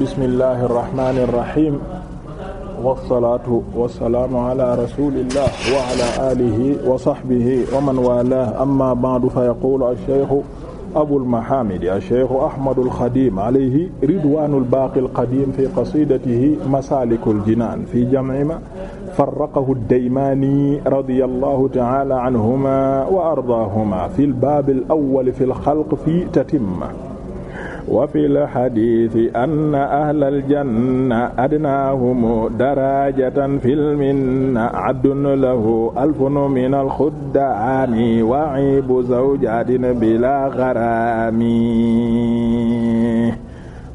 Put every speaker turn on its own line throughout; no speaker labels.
bismillahi irrahmani irrahim wasalaatu wasalaamu ala rasulillah wa ala alihi wa sahbihi wa man walah amma ba'du fa yaqulu alcheikhu aboulmahamidi alcheikhu ahmadulxadim alayhi ridwanulbaqi alqadim fi qasidatihi masalikul jinan fi jam'i ma farraqahu ad-Daymani radiyallahu ta'ala anhuma wa ardaahuma fil baabil awwal fil xalq fi tatimma wa fil hadiisi anna ahlal janna adnaahum darajatan fil minna lahu alfun minal xuddaani wa zawjaatin bilaa xaraami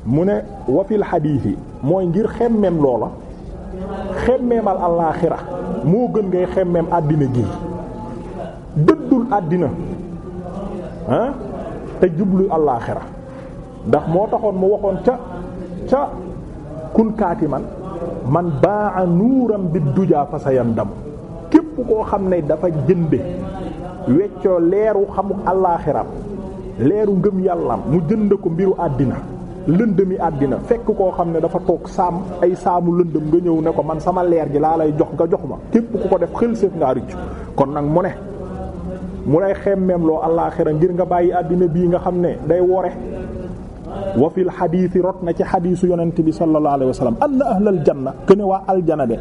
mu ne wa fil hadiisi mooy ngir xemmeem loola xemmeemal alaaxira moo gën ngay xemmeem àddina gi dëddul àddina ah te jublu alaaxira ndax moo taxoon mu waxoon ca ca kun kaati man man baa nuuram bi dujaa fa sa yandam képp koo xam ne dafa jënde weccoo leeru xamuk allaaxiram leeru ngëm yàllam mu jënd ko mbiru àddina lëndëmi àddina fekk koo xam ne dafa toog saam ay saamu lëndëm nga ñëw ne ko man sama leer gi laa lay jox nga jox ma képp ku ko def xëlséef ngaa rëccu kon nag mu ne mu lay xemmeem loo allaaxira ngir nga bàyyi àddina bii nga xam ne day wore wa fil xadiisi rot na ci xadiisu yonent bi sallallahu alayhi wa sallam anna ahlal janna këne waa aljana de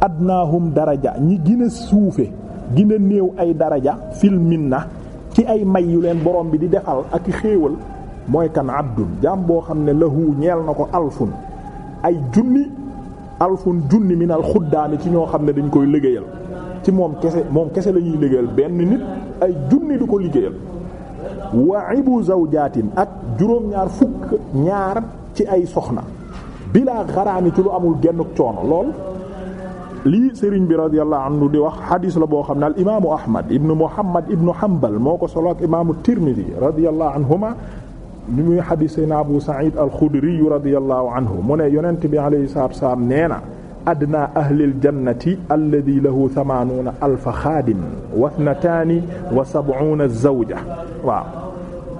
adnaahum daraja ñi gën suufe gën néew ay daraja fil minna ci ay may yu leen borom bi di defal ak xéewal mooy kan abdun jaam boo xam ne lahu ñeel na ko alfun ay junni alfun junni minal xuddaami ci ñoo xam ne dañ koy liggéeyal ci moom kese moom kese lañuy ñuy liggéeyal benn nit ay junni du ko liggéeyal waa ibu zawjaatin ak juróom-ñaar fukk ñaar ci ay soxna bilaa xaraami ci lu amul gennuk coono lool lii sëriñ bi radiyallahu anhu di wax xadiis la boo xam ne al imaamu ahmad ibnu muhammad ibnu hanbal moo ko solo ak imaamu tirmidi radiyallahu anhuma ñu muy xadiis sayna abu sa'id al xudri radiyallahu anhu mu ne yonent bi alayhi salaatu wa nee na adna ahlil jannati alladhi lahu thamanuuna xaadim wa ithnataani wa sab'uuna zawja waaw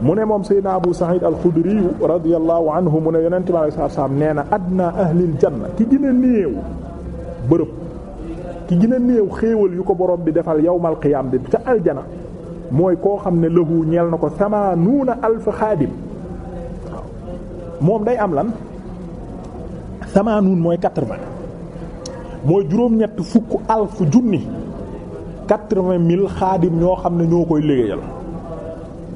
mu ne moom Seydina Abu Sa'id al-Khudri radiyallahu anhu mu ne yonente bi alayhi salaam nee na adna ahlil janna ki gën a néew bërëb ki néew xéewal yu ko borom bi defal yawmal qiyaam bi ca aljana mooy koo xam ne lahu ñeel na ko thamanuuna alfa xaadim moom day am lan thamanuun mooy quatre mooy juróom-ñett fukk alf junni quatre-vingt mille xaadim ñoo xam ne ñoo koy wax liggéeyal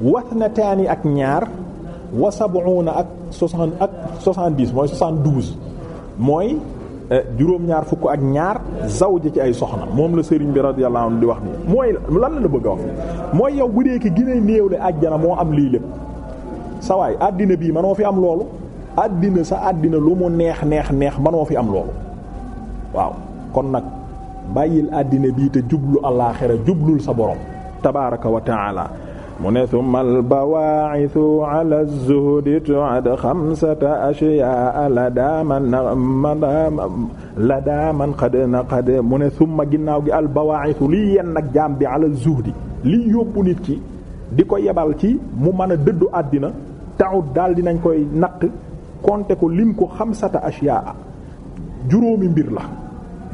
wasnataani ak ñaar wa sab'una ak soixante ak soixante-dix mooy soixante-douze mooy eh, juróom-ñaar fukk ak ñaar zawja ci ay soxna moom la sëriñ bi radiyallahu anhu di wax mooy lan la bëgg a wax mooy yow bu dee ki gën a néew le moo am lii lépp sawaay àddina bii manoo fi am loolu àddina sa àddina lu mu neex neex neex manoo fi am loolu waaw kon nag bàyyil àddina bii te jublu alaaxira jublul sa borom tabaaraka wa taala mu ne summa albawaacisu ala zuhdi tuad xamsata ashyaa la daaman la daaman na xad mu ne summa ginnaaw gi albawaacisu lii yen nag jaam bi ala zuhdi lii yóbbu nit ki di ko yebal ci mu mën a dëddu àddina taut daal dinañ koy natt konte ko lim ko xamsata ashyaa juróomi mbir la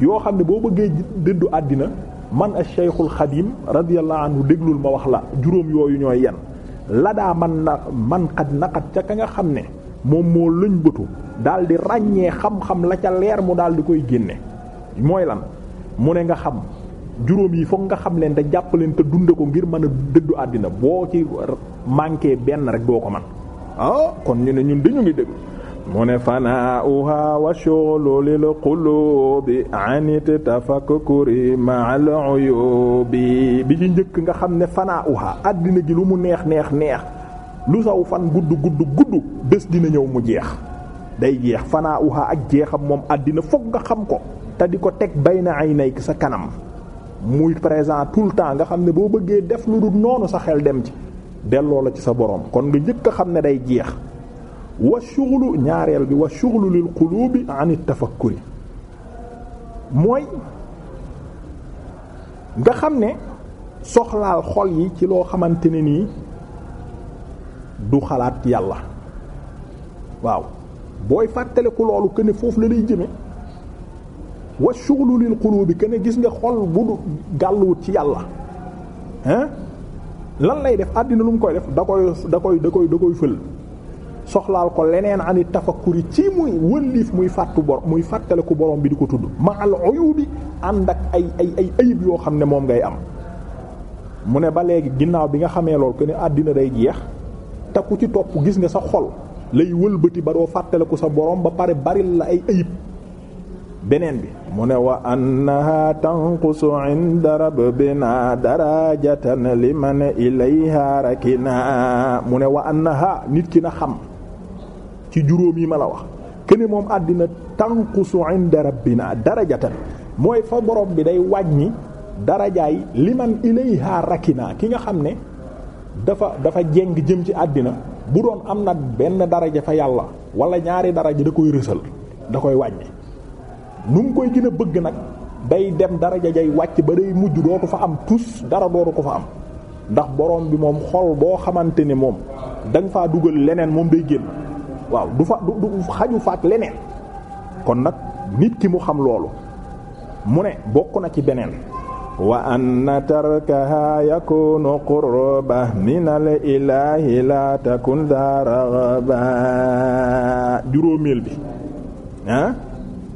yoo xam ne boo bëggee dëddu àddina man a Cheikhul Xadim radiyallahu anhu déglul ma wax la juróom yooyu ñooy yan la daa man na man xat naqat ca ka nga xam ne moom moo lëñ bëtu ràññee xam-xam la ca leer mu daal di koy génne mooy lan mu ne nga xam juróom yi fokk nga xam leen te jàpp leen te dunde ko ngir mën a dëddu àddina boo ci manqué benn rek doo ko man ah kon ñu ne ñun dañu ngi déglu mu ne fanaa'uha wa shughlu lil qulubi anit tafakkuri ma'al uyubi bi ci njëkk nga xam ne fanaa fanaa'uha àddina gi lu mu neex neex neex lu saw fan gudd gudd gudd bés dina ñëw mu jeex day jeex fanaa'uha ak jeexam moom àddina fokk nga xam ko te di ko teg bayna aynayk sa kanam muy présent tout le temps nga xam ne boo bëggee def lu dul noonu sa xel dem ci delloo la ci sa borom kon nga njëkk xam ne day jeex wa shughlu ñaareel bi wa shughlu lil qulubi an tafakkuri mooy nga xam ne soxlaal xol yi ci loo xamante ne nii du xalaat yàlla waaw booy fàttaliku loolu que ne foofu la lay jëme wa shughlu lil qulubi que ne gis nga xol bu du gàlluwut ci yàlla hein lan lay def àddina lu mu koy def da koy da koy da koy da koy fël soxlaal ko leneen ani tafakkuri ci muy wëlliif muy fàttu bor muy fàttaliku borom bi di ko tudd ma al uyubi ànd ak ay ay ayib yoo xam ne moom ngay am mu ne ba léegi ginnaaw bi nga xamee lool ko ne àddina day jeex te ku ci topp gis nga sa xol lay wëlbati ba doo fàttaliku sa borom ba pare baril la ay ayib beneen bi mu ne wa dara tanqusu inda rabbina darajatan liman ilayha rakina mu ne wa annaha nit ki na xam ci juróom yi ma la wax kene moom àddina tanqusu inda rabbina darajatan mooy fa borom bi day wàññi darajaay liman ilayha rakina ki nga xam ne dafa dafa jeng jëm ci àddina bu doon am na benn daraja fa yàlla wala ñaari daraja da koy rësal da koy wàññi nu mu koy gën bëgg nag day dem daraja jay wàcc ba day mujj ko fa am tus dara dootu ko fa am ndax borom bi moom xol boo xamante ne moom da nga faa dugal leneen moom day génn waaw du fa du xaju fa leneen kon nag nit ki mu xam loolu mu ne bokk na ci beneen wa anna tarkaha yakunu qurba min al ilahi la takun da raghaba juróomeel bi ah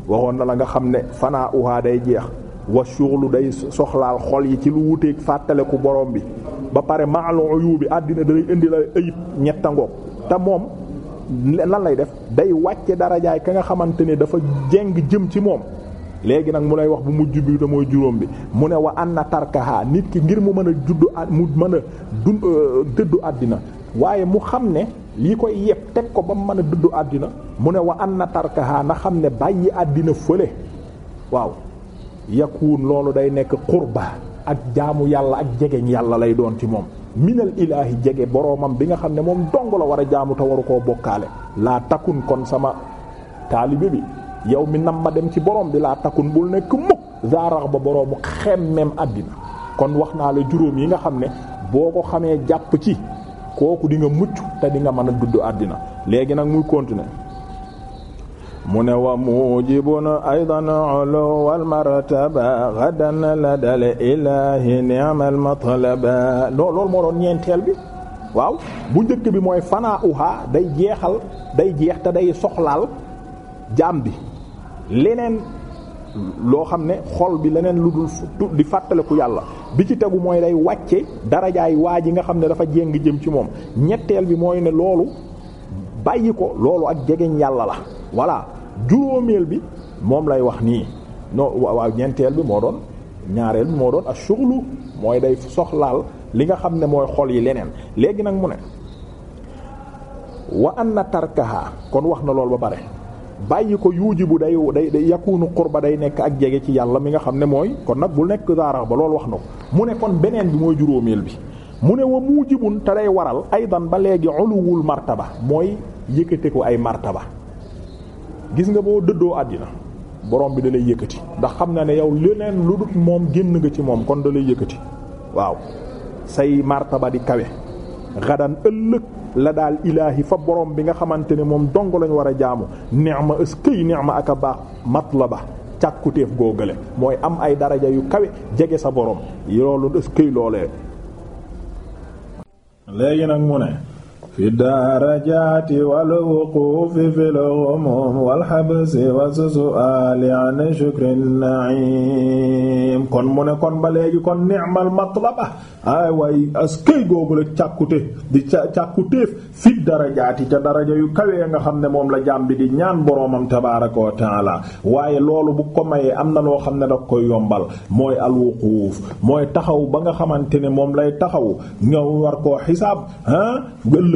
waxoon na la nga xam ne fanaa uhaa day jeex wa shughlu day soxlaal xol yi ci lu wuteeg fàttaleku borom bi ba pare ma'al uyubi àddina day indi la ayib ñetta ngoog te moom lan lay def day wàcce darajaay ka nga xamante ne dafa jeng jëm ci moom léegi nag mu lay wax bu mujj bi te mooy juróom bi mu ne wa anna tarkaha nit ki ngir mu mën a juddu a mu mën a dund euh, dëddu àddina waaye mu xam ne lii koy yeb teg ko ba mu mën a dëddu àddina mu ne wa na tarkaha na xam ne bàyyi àddina fële waaw yakuun loolu day nekk ba ak jaamu yàlla ak jegeñ yàlla lay doon ci moom minal ilaahi jege boroomam bi nga xam ne moom dong la war a jaamu waru koo bokkaale laa takkun kon sama taalibe bi yow mi nam ma dem ci borom bi laa takkun bul nekk mukk zaarax ba boroomu xemmem àddina kon wax naa la juróom yi nga xam ne boo ko xamee jàpp ci kooku di nga mucc te di nga mën a dudd àddina léegi nag muy continuer mu ne wa mujibun aydan uluwal martaba gadan la dal ilahi ni'mal matlaba loolu moo doon ñeenteel bi waaw bu njëkk bi mooy fanaa uha day jeexal day jeex te day soxlaal jaam bi leneen loo xam ne xol bi leneen lu dul di fàttaliku yàlla bi ci tegu mooy day wàcce darajaay waa ji nga xam ne dafa jéng jëm ci moom ñetteel bi mooy ne loolu bàyyi ko loolu ak jegeñ yàlla la voilà juróomeel bi moom lay wax nii non waaw ñeenteel bi moo doon ñaareel bi moo doon ak suxlu mooy day soxlaal li nga xam ne mooy xol yi leneen léegi nag mu ne wa na tarkaha kon wax na lool ba pare bàyyi ko yuuji bu day day day yakunu qurba day nekk ak jege ci yàlla mi nga xam ne mooy kon nag bu nekk daarax ba loolu wax na ko mu ne kon beneen bi mooy juróomeel bi mu ne wa muujibun te day waral aydan ba léegi uluwul ba mooy yëkkate ko ay martaba gis nga boo dëddoo àddina borom bi dalay lay ndax xam na ne yow leneen lu dut moom génn nga ci moom kon dalay lay waaw say ba di kawe xadan ëllëg la daal ilaahi fa borom bi nga xamante ne moom dong lañ war a jaamu ni'ma ëskëy ni'ma ak a baax la ba càkkutéef googale mooy am ay daraja yu kawe jege sa borom loolu ëskëy loolee léegi nag mu ne fi darajaati wal wuquufi fil ghumum wal habsi wa su'ali an shukrin na'im kon mu ne kon ba léegi kon ni'mal matlaba ay waay askay googu la càkkute di ca càkkuteef fi darajaati ca daraja yu kawee nga xam ne moom la jàmbi di ñaan boromam tabaaraka wa ta'aala waaye loolu bu ko mayee am na loo xam ne daf koy yombal mooy al mooy taxaw ba nga xamante ne moom lay taxaw ñëw war koo xisaab ah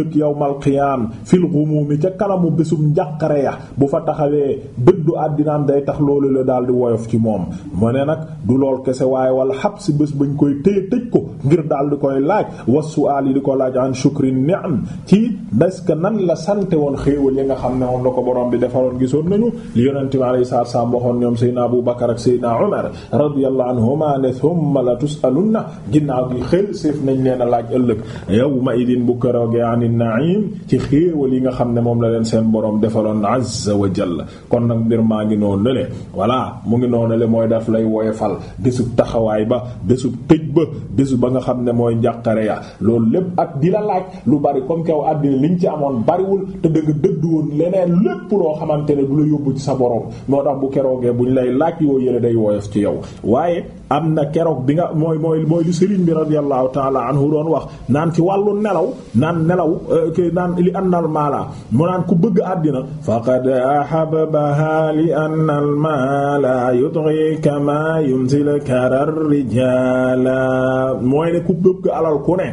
ëllëg yawmal qiyaam fil ghumuumi ca kanamu bésum njàqare ya bu fa taxawee dëddu àddinaam day tax loolu la daal di woyof ci moom moo ne nag du lool kese waaye wala xab si bés bañ koy téye tëj ko ngir daal koy laaj wassuwaal yi di ko laaj an shukri ni'am ci est-ce que nan la sante woon xéewal yi nga xam ne moom la ko boroom bi defaloon gisoon nañu li yonente bi alayhi salaatu salaam waxoon ñoom Seydina Abu Bakar ak Seydina Umar radiyallahu anhuma ne thumma la tus'alunna ginnaaw gi xëy séef nañ leen a laaj ëllëg yawma idin bu keroogee naim ci xéewal yi nga xam ne moom la leen seen boroom defaloon azza wa jalla kon nag mbir maa ngi noonu la le voilà mu ngi noonu le mooy daf lay woyofal bésub taxawaay ba bésub tëj ba bésu ba nga xam ne mooy njàqare ya loolu lépp ak di la laaj lu bari comme kaw àddina li ñu ci amoon bariwul te dëgg dëdd woon leneen lépp loo xamante ne du la yóbbu ci sa borom moo tax bu keroogee bu ñu lay laaj yoo yële day woyof ci yow waaye am na keroog bi nga mooy mooy mooy li sëriñ bi radiyallahu taala anhu doon wax naan ci wàllu nelaw naan nelaw euh, ke naan li annal maala mu naan ku bëgg àddina faqad ahabbaha li annal maala yutghi kama yumsil karar rijala mooy ne ku bëgg alal ku ne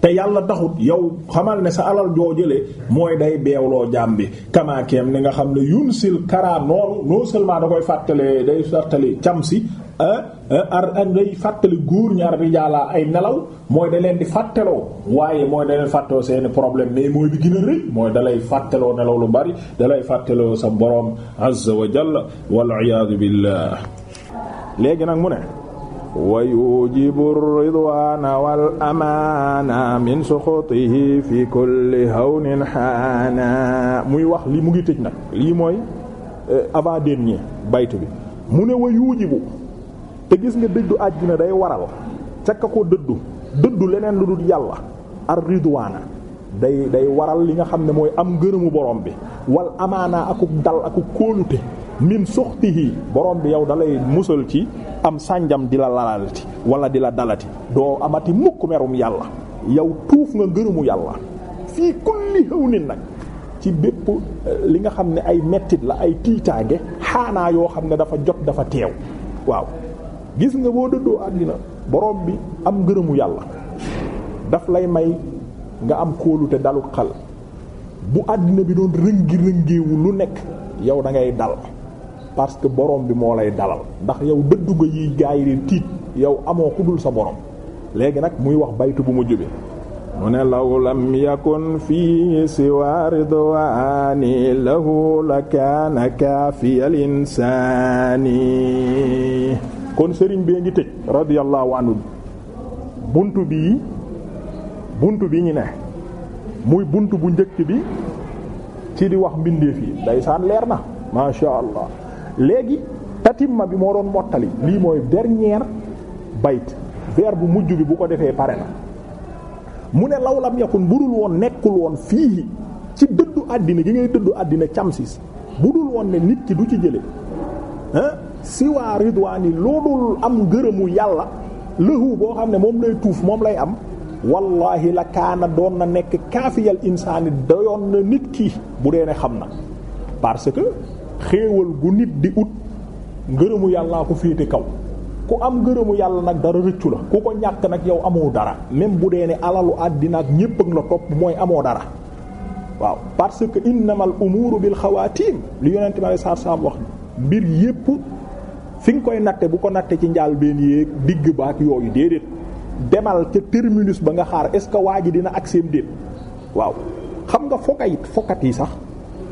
te yàlla taxut yow xamal ne sa alal joo jëlee mooy day beewloo jaam bi kamaakeem ni nga xam ne yun sil kara noonu non seulement da koy fàttalee day fàttali cam si ah, ah, ar an day fàttali góor ñaar ar rijaalaa ay nelaw mooy da leen di fàttaloo waaye mooy da leen fàttaloo seeni problème mais mooy bi gën rëy mooy da lay fàttaloo nelaw lu bari da lay fàttaloo sa boroom azza wa jalla wal iyaadu billah léegi nag mu ne wa yujibu ridwaana wal amaana min suxutihi fi kulli hawnin xaana muy wax li mu ngi tëj nag lii mooy euh, avant dernier baytu bi mu ne wa yujibu te gis nga dëddu àjjina day waral cakka ko dëddu dëddu leneen lu dul yàlla ar ridwaana day day waral li nga xam ne mooy am ngërëmu borom bi wal amaana akuk dal akuk kóolute min suxtihi borom bi yow dalay musal ci am sànjam di la lalalati wala di la dalati doo amati mukk merum yàlla yow tuuf nga gërëmu yàlla fii kulli xëw nit nag ci bépp eh, li nga xam ne ay mettit la ay tiitaange xaanaa yoo xam ne dafa jot dafa teew waaw gis nga boo dëddoo àddina borom bi am gërëmu yàlla daf lay may nga am kóolute dalut xal bu àddina bi doon rëngi rëngeewu lu nekk yow da ngay dal parce que borom bi moo lay dalal ndax yow dëddu nga yi gaa yi tiit yow amoo ku sa borom léegi nag muy wax baytu bu mujj bi mu ne law lam yakun fii siwa ridwaani lahu la kaana kaafiyal insaani kon sëriñ bee ngi tëj radiyallahu anhu bunt bii bunt bi ñu ne muy bunt bu njëkk bi ci di wax mbindeef yi day saan leer na masha allah léegi tatimma bi moo doon mottali lii mooy dernier bayt verbe bu mujj bi bu ko defee pare na mu ne law lam yakun budul woon nekkul woon fii ci dëddu àddina gi ngay dëddu àddina camsis budul woon ne nit ki du ci jële siwaa ridwaani loolul am ngërëmu yàlla lëhu boo xam ne moom lay tuuf moom lay am wallahi la kaana doon na nekk kaafiyal insaani doyoon na nit ki bu dee ne xam na parce que xéewal gu nit di ut ngërëmu yàllaa ko féete kaw ku am ngërëmu yàlla nag dara rëccu la ku ko ñàkk nag yow amoo dara même bu dee ne alalu àddina ak ñépp ak la topp mooy amoo dara waaw parce que innamal umuru bil xawaatim li yonente ma saar saam wax mbir yépp fi nga koy natte bu ko nattee ci njaal benn yéeg digg baak yooyu déedéet demal ca terminus ba nga xaar est ce que waa ji dina agseem déet waaw xam nga fokkayit fokkat yi sax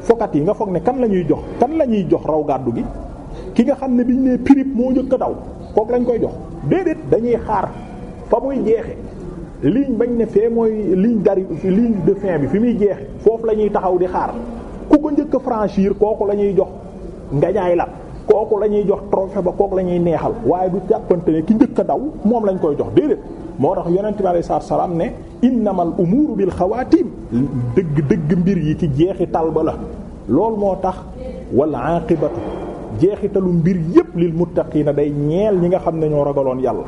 fokat yi nga foog ne kan la ñuy jox kan la ñuy jox raw gàddu gi ki nga xam ne biñ nee pirip moo njëkk a daw kook lañ koy jox déedéet dañuy xaar fa muy jeexe ligne bañ ne fee mooy ligne dari ligne de fin bi fi muy jeexe foofu la ñuy taxaw di xaar ku ko njëkk franchir kooku la ñuy jox ngañaay la kooku la ñuy jox trophée ba kooku la ñuy neexal waaye du jàppante ne ki njëkk daw moom lañ koy jox déedéet moo tax yonent bi alayhi salaam ne innamal umuuru bil xawaatim dëgg dëgg mbir yi ci jeexital ba la loolu moo tax walla wal aaqibatu jeexitalu mbir yépp lil na day ñeel ñi nga xam ne ñoo ragaloon yàlla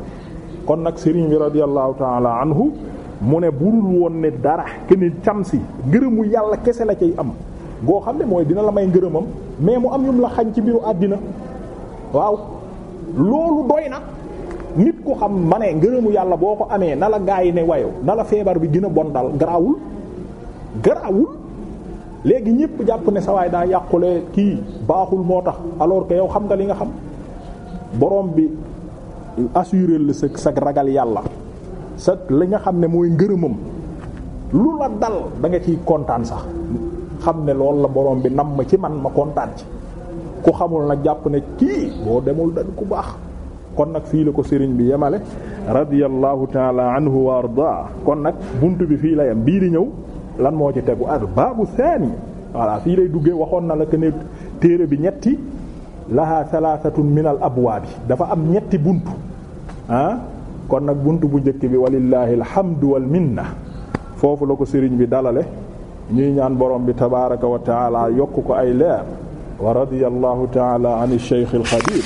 kon nag sëriñ bi radiyallahu taala anhu mu ne burul woon ne dara kenn cam si ngërëmu yàlla kese la cay am goo xam ne mooy dina la may ngërëmam mais mu am yum la xañ ci mbiru àddina waaw loolu doy na nit ku xam ma ne ngërëmu yàlla boo ko amee na la gaa yi ne wayo na la feebar bi gën a bon dal garawul garawul léegi ñëpp jàpp ne sa sawaay daa yàqule kii baaxul moo tax alors que yow xam nga li nga xam borom bi assuré la sa sa ragal yàlla sa li nga xam ne mooy ngërëmam lu la dal da nga ciy kontaan sax xam ne loolu la borom bi nam ma ci man ma kontaan ci ku xamul nag jàpp ne kii boo demul dañ ku baax kon nag fii la ko sëriñ bi yemale radiyallahu taala anhu wa ardaa kon nag bunt bi fii la yem bii di ñëw lan moo ci tegu al baabu thani voilà fii lay duggee waxoon na la que ne téere bi ñetti laha thalathatun min al abwaabi dafa am ñetti bunt ah? kon nag bunt bu njëkk bi walillahi alhamdu wal minna foofu la ko sëriñ bi dalale ñuy ñaan borom bi tabaraka wa taala yokk ko ay leer wa radiyallahu taala an ash al-khadim